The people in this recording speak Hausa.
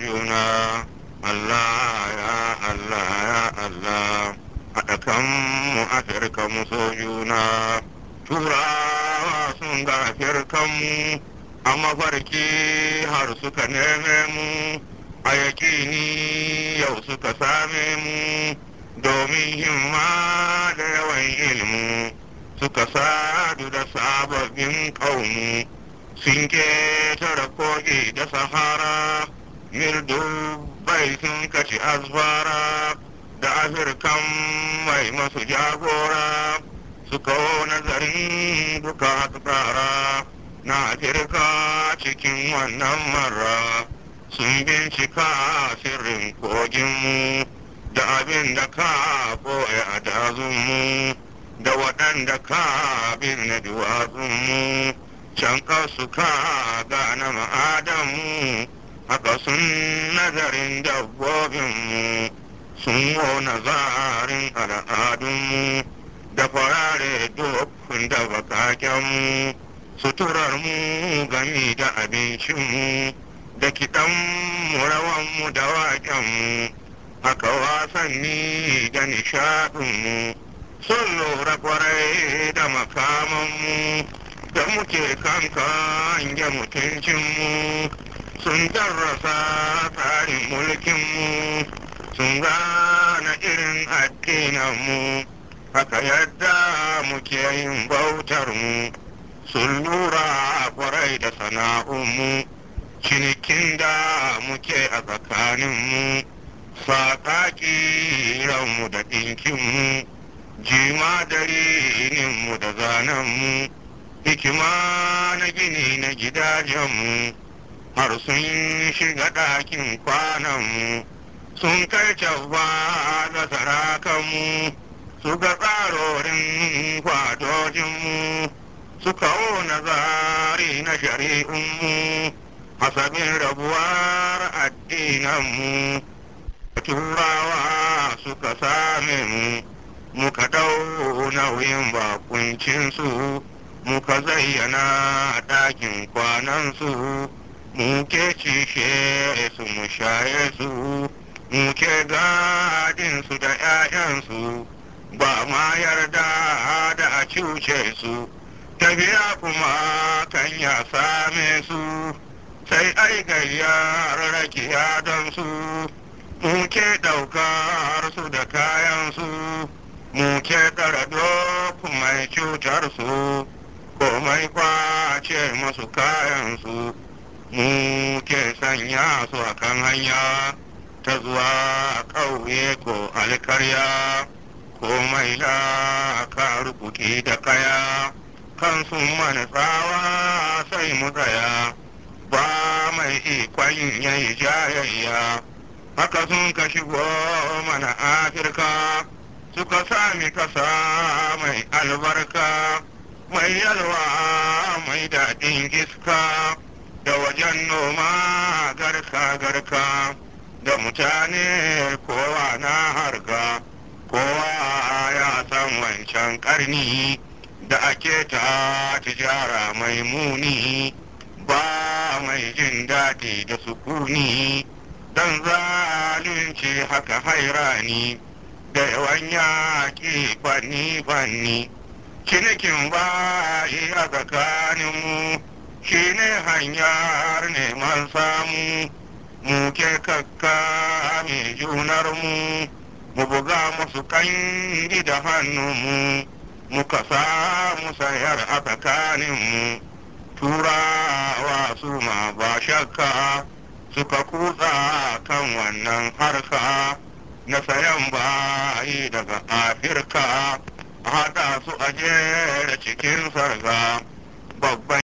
juna Allah ya Allah ya Allah haɗa kanmu Afirka mu juna turawa sun ga Afirkanmu a mafarki har suka neme mu a yakini yau suka same mu domin himma da yawan ilmu suka sadu da sababbin ƙaunu sun ketare kogi da sahara yirdu baitin kaci azbara da afirkan mai masu jagora su kawo nazarin duka tsara na firka cikin wannan mara sun bincika sirrin koginmu da abin da ka koya a dazunmu da waɗanda ka binne duwatsunmu can kasu ka gane ma'adanmu haka sun dabbobin mu, sun wona zarin al'adunmu da farare dukkan da suturar mu gami da abincin mu, da kiɗanmu mu da mu, haka wasanni da nishaɗin mu, sun lura kwarai da mu, da muke kankan mutuncin mu. sun darrasa tsarin mulkinmu sun gana irin addinanmu, haka yadda muke yin bautarmu sun lura kwarai da sana'unmu cinikin da muke a tsakaninmu saƙaƙiranmu ranmu da ɗinkinmu jimadarininmu da rininmu da zanenmu hikima na gini na gidajenmu har sun shiga ɗakin kwananmu sun kai cabba da sarakanmu ga tsarorin kwadojinmu suka na zari na shari'unmu hasabin rabuwar addinanmu turawa suka same mu muka ɗau nauyin bakuncinsu muka zayyana ɗakin kwanansu muke cishe su mu shaye su muke gadin su da 'ya'yansu ba ma yarda da a cuce su tafiya kuma kan ya same su sai ai gayyar rakiya don su muke ɗaukar su da kayansu muke ɗara duk mai cutar su komai kwace masu kayansu mu ke sanya su a kan hanya ta zuwa a ƙauye ko alkarya ko maila a ka rubuki da kaya kan sun mana tsawa sai mu tsaya ba mai ikon yayi jayayya haka sun ka shigo mana afirka suka sami kasa mai albarka mai yalwa mai daɗin iska wajen noma garka-garka da mutane kowa na harga, kowa ya san wancan karni da ake ta tijara mai muni ba mai jin daɗi da sukuni dan zalunci haka hairani da yawan yaƙi fanni-fanni, cinikin ba a tsakaninmu shi ne hanyar neman samu muke ke kakka mai junarmu mu buga musu kangi da hannunmu muka samu sayar a tsakaninmu turawa su ma ba shakka suka kutsa kan wannan harka na sayan bayi daga afirka hada su a jere cikin sarga babban